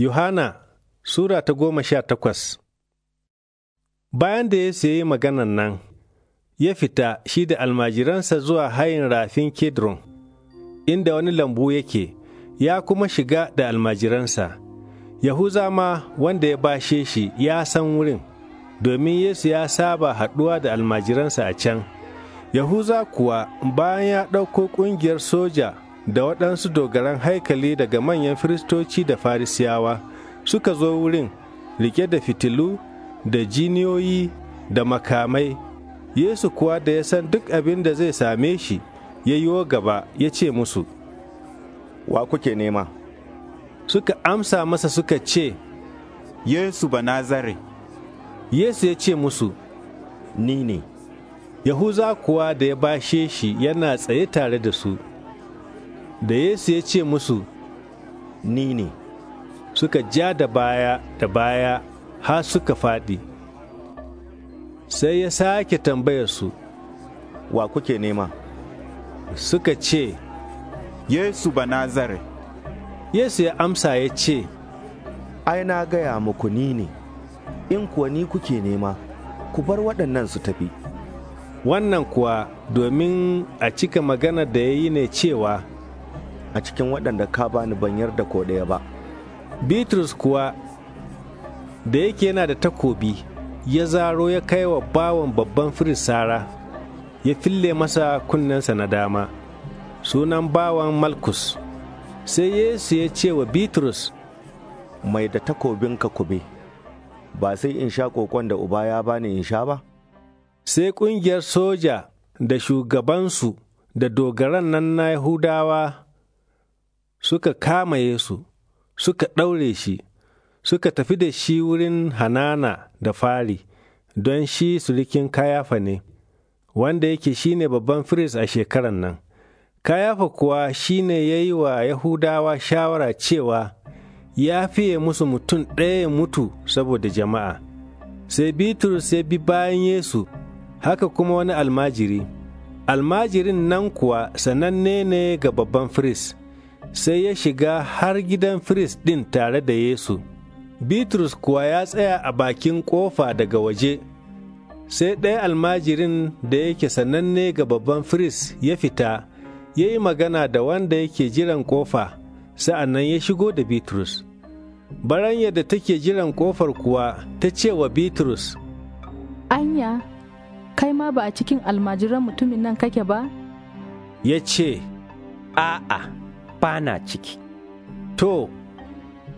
Yohana Sura ta goma sha takwas Bayan da Yesu ya yi maganan nan, ya fita shi da almajiransa zuwa hayin rafin Kidron, inda wani lambu yake, ya kuma shiga da almajiransa. Yahuza ma wanda ya bashe shi ya san wurin, domin Yesu ya saba haɗuwa da almajiransa a can. Yahuza kuwa bayan ya ɗauko ƙungiyar soja da waɗansu dogaran haikali daga manyan firistoci da farisiyawa suka zo wurin rike da fitilu da jiniyoyi da makamai yesu kuwa da ya san duk abin da zai same shi ya yi gaba ya ce musu wa kuke nema suka amsa masa suka ce yesu banazare yesu ya ce musu ni ne yahuza kuwa da ya bashe shi yana tsaye tare da su da Yesu ya ce musu, Ni ne, suka ja da baya da baya har suka faɗi. Sai ya sake tambayarsu. Wa kuke nema? Suka ce, Yesu ba Nazare. Yesu ya amsa ya ce, Ai, na gaya muku ni ne, in kuwa ni kuke nema, ku bar waɗannan su tafi. Wannan kuwa domin a cika magana da ya yi ne cewa, a cikin waɗanda ka bani banyar da ko ɗaya ba bitrus kuwa da yake yana da takobi ya zaro ya kai wa bawan babban firisara ya fille masa kunnensa na dama sunan bawan malkus sai yesu ya ce wa bitrus mai da takobinka kube ba sai in sha kokon da uba ya bani in sha ba sai ƙungiyar soja da shugabansu da dogaran nan na yahudawa suka kama Yesu, suka ɗaure shi, suka tafi da shi wurin Hanana da fari, don shi surikin kayafa ne, wanda yake shi ne babban firis a shekaran nan. Kayafa kuwa shi ne ya yi wa Yahudawa shawara cewa ya fiye musu mutum ɗaya mutu saboda jama'a. Sai Bitrus sai bi bayan Yesu, haka kuma wani almajiri. Almajirin nan kuwa sananne ne ga babban firist. sai ya shiga har gidan firist ɗin tare da Yesu. Bitrus kuwa ya tsaya a bakin ƙofa daga waje, sai ɗaya almajirin da yake sananne ga babban firist ya fita, ya yi magana da wanda yake jiran ƙofa, sa'an ya shigo da Bitrus. Baranya da take jiran ƙofar kuwa ta ce wa Bitrus, Anya, kai ma ba a cikin almajiran mutumin nan kake ba? Ya ce, A'a. na ciki. To,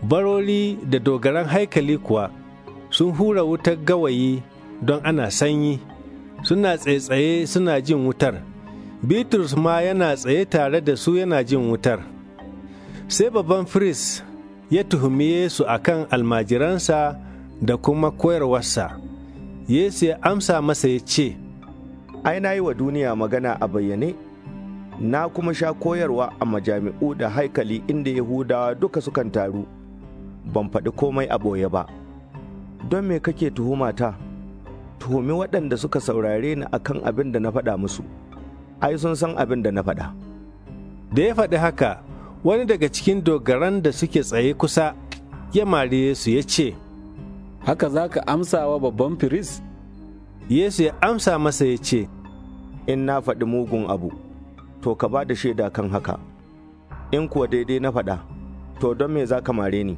baroli da dogaran haikali kuwa sun hura wutar gawayi don ana sanyi, suna tsaye-tsaye suna jin wutar. Bitrus ma yana tsaye tare da su yana jin wutar. Sai babban Firis ya tuhumi Yesu a kan almajiransa da kuma koyarwarsa. Yesu ya amsa masa ya ce, Ai, na yi wa duniya magana a bayyane. na kuma sha koyarwa a majami'u da haikali inda Yahudawa duka sukan taru, ban faɗi komai a ɓoye ba. Don me kake tuhumata? Tuhumi waɗanda suka saurare ni akan abin da na faɗa musu, ai sun san abin da na faɗa. Da ya faɗi haka, wani daga cikin dogaran da suke tsaye kusa ya mari Yesu ya ce, Haka za ka amsa wa babban firist? Yesu ya amsa masa ya ce, In na faɗi mugun abu. to ka ba da shaida kan haka, in kuwa daidai na faɗa, to don me za ka mare ni.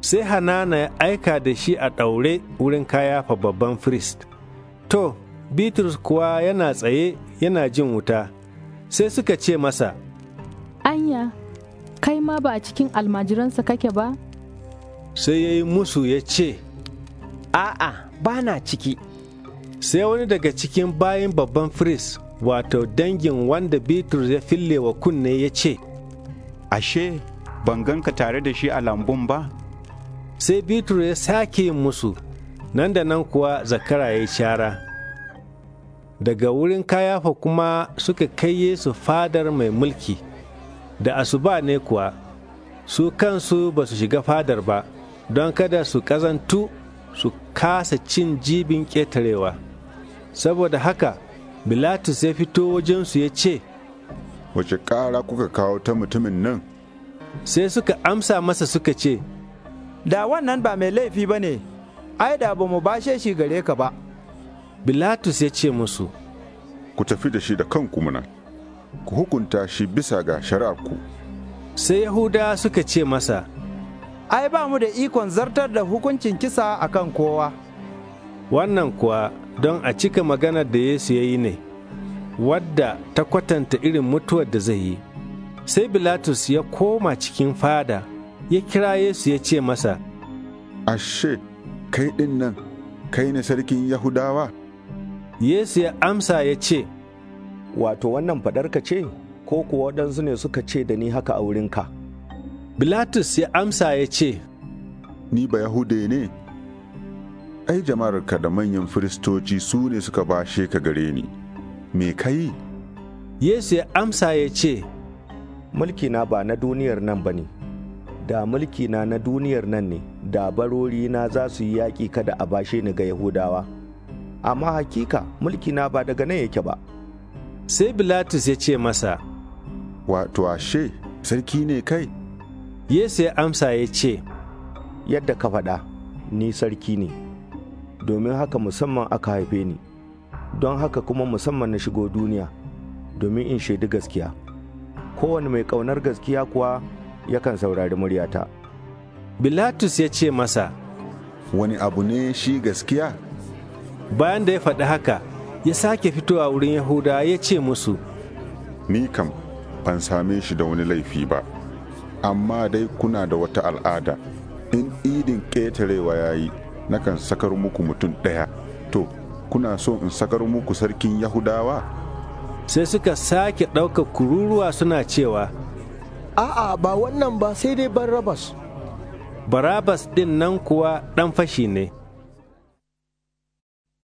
Sai Hanana ya aika da shi a ɗaure wurin kaya fa babban firist. To, Bitrus kuwa yana tsaye yana jin wuta, sai suka ce masa, Anya, kai ma ba a cikin almajiransa kake ba? Sai ya yi musu ya ce, A'a, ba na ciki. Sai wani daga cikin bayan babban firist wato dangin wanda Bitrus ya fille wa kunne ya ce, Ashe, ban ganka tare da shi a lambun ba? Sai Bitrus ya sake yin musu, nan da nan kuwa zakara ya shara. Daga wurin kayafa kuma suka kai Yesu fadar mai mulki, da asuba ne kuwa, su kansu ba su shiga fadar ba, don kada su ƙazantu su kasa cin jibin ƙetarewa. Saboda haka, Bilatus ya fito wajensu ya ce, Wace ƙara kuka kawo ta mutumin nan? Sai suka amsa masa suka ce, Da wannan ba mai laifi ba ne, ai da ba mu bashe shi gare ka ba. Bilatus ya ce musu, Ku tafi da shi da kanku muna, ku hukunta shi bisa ga shari'arku. Sai Yahuda suka ce masa, Ai ba mu da ikon zartar da hukuncin kisa a kan kowa. wannan kuwa don a cika maganar da Yesu ya yi ne, wadda ta kwatanta irin mutuwar da zai yi. Sai Bilatus ya koma cikin fada, ya kira Yesu ya ce masa, Ashe, kai ɗin nan, kai ne sarkin Yahudawa? Yesu ya amsa ya ce, Wato wannan faɗarka ce, ko kuwa waɗansu ne suka ce da ni haka a wurinka? Bilatus ya amsa ya ce, Ni ba Yahude ne. ai jama'arka da manyan firistoci su ne suka bashe ka gare ni, me kai? Yesu ya amsa ya ce, Mulki na ba na duniyar nan ba ne, da mulki na na duniyar nan ne, da barori na za su yi yaƙi kada a bashe ni ga Yahudawa, amma hakika mulki na ba daga nan yake ba. Sai Bilatus ya ce masa, Wato ashe, sarki ne kai? Yesu ya amsa ya ce, Yadda ka faɗa, ni sarki ne. domin haka musamman aka haife ni don haka kuma musamman na shigo duniya domin in shaidi gaskiya kowane mai ƙaunar gaskiya kuwa yakan saurari muryata bilatus ya ce masa wani abu ne shi gaskiya bayan da ya faɗi haka ya sake fitowa wurin yahuda ya ce musu ni kam ban same shi da wani laifi ba amma dai kuna da wata al'ada in idin ƙetarewa ya yi nakan sakar muku mutum ɗaya to kuna so in sakar muku sarkin yahudawa sai suka sake ɗaukar kururuwa suna cewa a'a ba wannan ba sai dai barabas barabas ɗin nan kuwa ɗan fashi ne